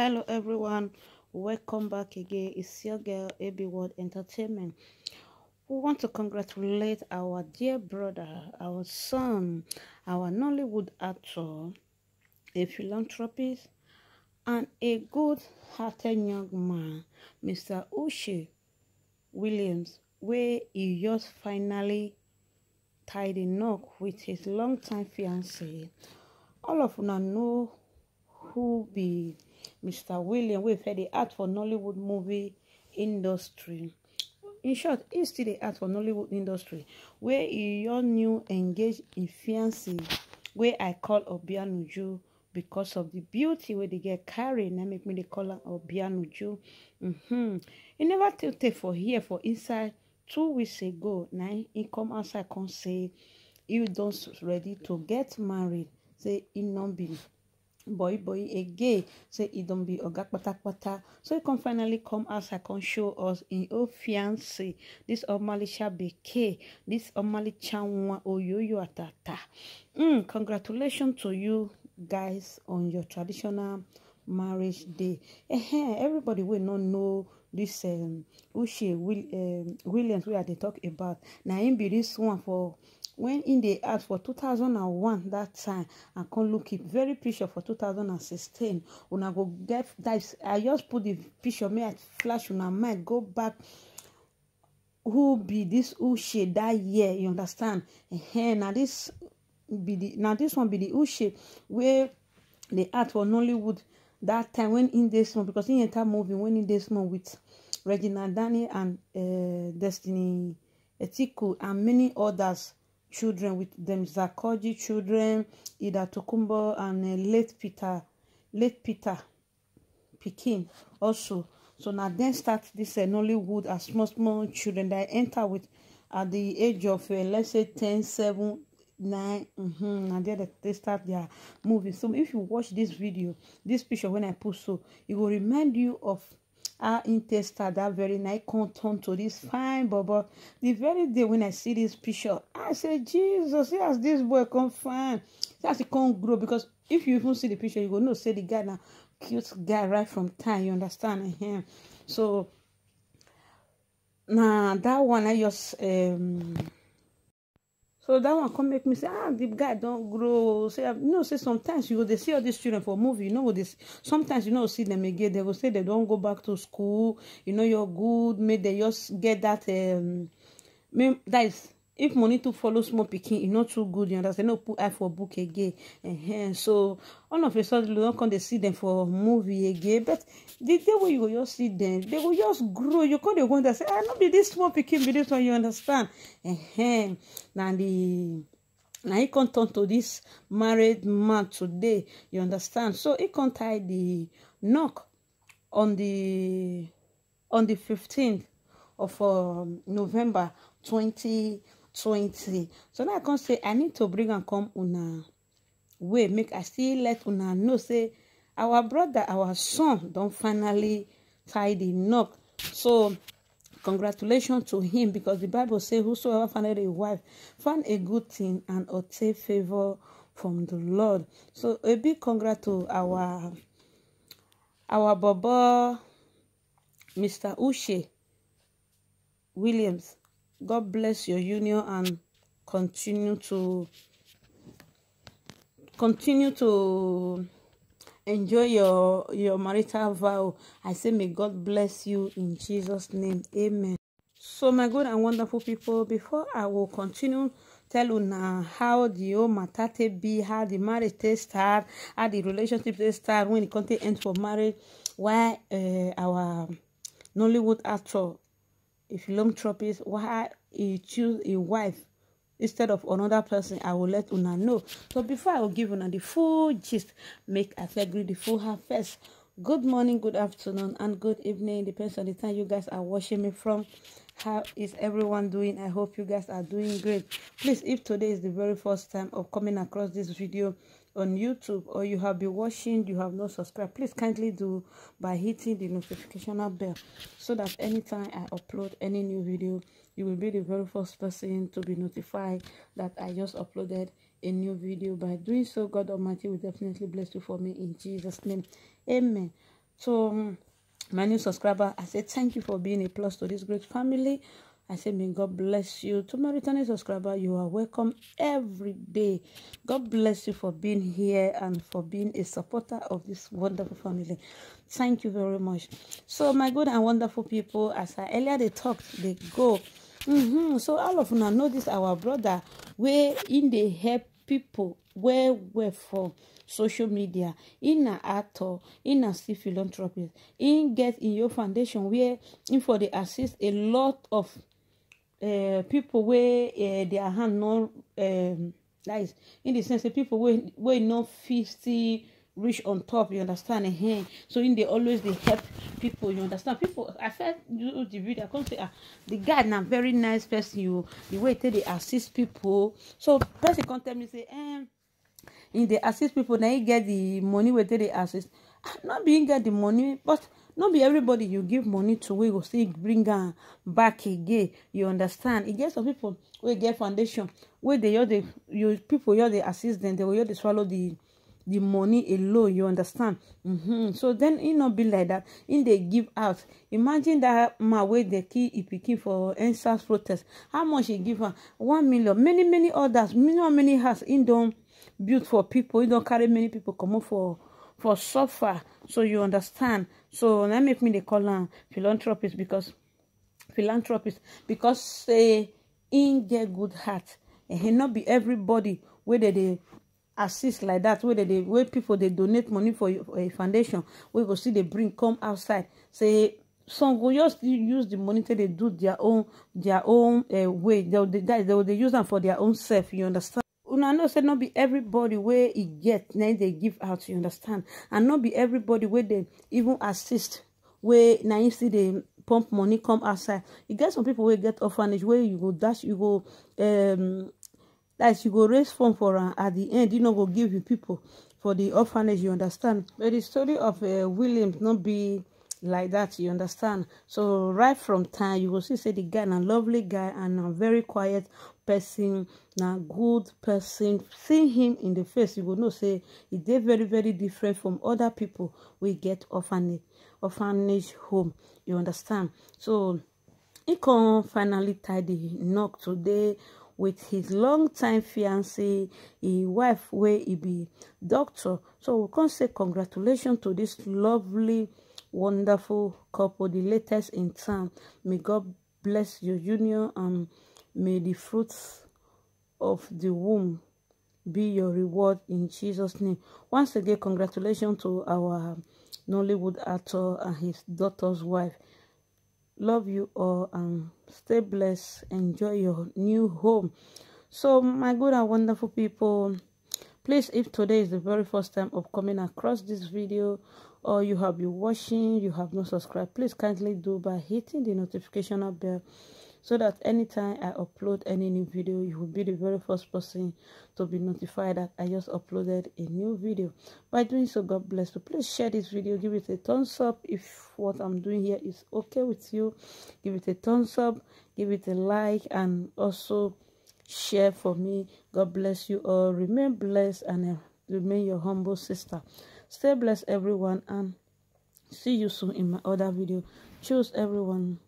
hello everyone welcome back again it's your girl ab world entertainment we want to congratulate our dear brother our son our nollywood actor a philanthropist and a good-hearted young man mr Uche Williams where he just finally tied a knock with his long-time fiancée all of una know who be Mr. William we've Wayfair, the art for Nollywood movie industry. In short, he still the art for Nollywood industry, where he young new engaged in fiancé, where I call Obianuju because of the beauty where they get carried, and make me the color Obianuju. Mm-hmm. He never tell take for here for inside two weeks ago. Now he come outside come say, you don't ready to get married. Say he not be boy boy a gay. say he don't be oga patapata so he come finally come as I can show us in old fiance dis omalicha bekee This omalicha nwa oyoyo atata mm, congratulations to you guys on your traditional marriage day everybody will not know This um, uche Will, um, williams wey i dey talk about now. him be dis one for when in the ask for 2001 that time I come look it very picture for 2016 I go get that i just put the picture make i flash una mind go back who be this uche that year you understand Hey now this be the now this one be the uche where dey act for nollywood that time when in this small because in enter movie when in this small with regina Danny and uh, destiny etiku and many others children with them zakoji children ida tokumbo and uh, late peter late peter pikin also so now then start this uh, nollywood as small small children dem enter with at the age of uh, let's say ten seven nine mm-hmm, and then they start their moving so if you watch this video this picture when i post so it will remind you of our intestine that very night come turn to this fine bubble. the very day when i see this picture i say jesus see as this boy come fine see as he come grow because if you even see the picture you go know say the guy now, cute guy right from time you understand him? so na that one i just um, so that one come make me say ah the guy don't grow say you know say sometimes you go dey see all these children for movie you know go dey sometimes you no see them again They will say they don't go back to school you know you're good make they just get that um that is if money to follow small picking, e not too good you understand no put eye for book again uh-huh. so all of a sudden you don't come dey see dem for movie again but the day wey you go just see them, they will just grow you come dey wonder say I ah, no this small picking be this one you understand uh-huh. na the now he come turn to this married man today you understand so he come tie the knock on the on the 15th of uh, november 20 twenty so now i can say i need to bring and come on a way make i still let una know say our brother our son don't finally tie the knot so congratulations to him because the bible say whosoever findeth a wife find a good thing and obtain favor from the lord so a big congrats to our our Baba mr uche williams God bless your union and continue to continue to enjoy your your marital vow. I say may God bless you in Jesus name. Amen. So my good and wonderful people, before I will continue tell you now how the whole matter take be how the marriage take start how the relationship take start when the content take end for marriage why uh, our Nollywood actor a philanthropist why he choose a wife instead of another person i will let una know so before i will give una the full gist make i segregate the full half first good morning good afternoon and good evening depends on the time you guys are watching me from how is everyone doing i hope you guys are doing great please if today is the very first time of coming across this video on youtube or you have been watching you have not subscribed please kindly do by hitting the notification bell so that anytime i upload any new video you will be the very first person to be notified that i just uploaded a new video. By doing so, God Almighty will definitely bless you for me in Jesus' name. Amen. So, um, my new subscriber, I say thank you for being a plus to this great family. I say, may God bless you. To my returning subscriber, you are welcome every day. God bless you for being here and for being a supporter of this wonderful family. Thank you very much. So, my good and wonderful people, as I earlier they talked, they go. -hmm. so all of una know this. our brother, wey im dey help people. well well for social media im na actor im na still philanthropist im get in your foundation Where im for dey assist a lot of uh, eh, pipo wey uh, eh, their hand no um, like in the sense say pipo wey no fit still Rich on top you understand ehn eh. so in they always they help people you understand people i first do the video i come say ah the guy now very nice person you the way he take assist people so person come tell me say eh In dey assist people na he get the money wey take dey assist ah, Not being get the money but not be everybody you give money to we go see bring am back again you understand It e gets some people wey get foundation where they just the you people just the assist dem dey go the swallow the the money alone you understand mm-hmm. so then it not be like that In they give out imagine that my way dey key e picking for endsars protest how much he give her? one million many many others many many has. In don't build for people e don't carry many people comot for for suffer so you understand so na make me dey call am philanthropist because philanthropist because say im get good heart and not be everybody where they. dey assist like that where dey where people they donate money for a foundation where go see they bring come outside say some go just use the money till they do their own own eh, way they they they use them for their own self you understand una know say not be everybody where it get na they give out you understand and not be everybody where they even assist where now you see they pump money come outside you get some people wey get orphanage where you go dash you go um That she go raise phone for am at the end you know, go give you people for the orphanage you understand but the story of uh, william not be like that. you understand so right from time you will see say the guy a lovely guy and a very quiet person a good person Seeing him in the face you will know say he dey very very different from other people. We get orphanage orphanage home you understand so he can finally tie the knock today with his long-time fiancé im wife where he be doctor so we can say congratulations to this lovely wonderful couple the latest in town may god bless your union and may the fruits of the womb be your reward in jesus name once again congratulations to our nollywood actor and his daughter's wife Love you all and stay blessed. Enjoy your new home. So, my good and wonderful people, please, if today is the very first time of coming across this video or you have been watching, you have not subscribed, please kindly do by hitting the notification bell so that anytime I upload any new video, you will be the very first person to be notified that I just uploaded a new video. By doing so, God bless you. Please share this video, give it a thumbs up if what I'm doing here is okay with you. Give it a thumbs up, give it a like, and also share for me. God bless you all. Remain blessed and uh, remain your humble sister. Stay blessed, everyone, and see you soon in my other video. Choose everyone.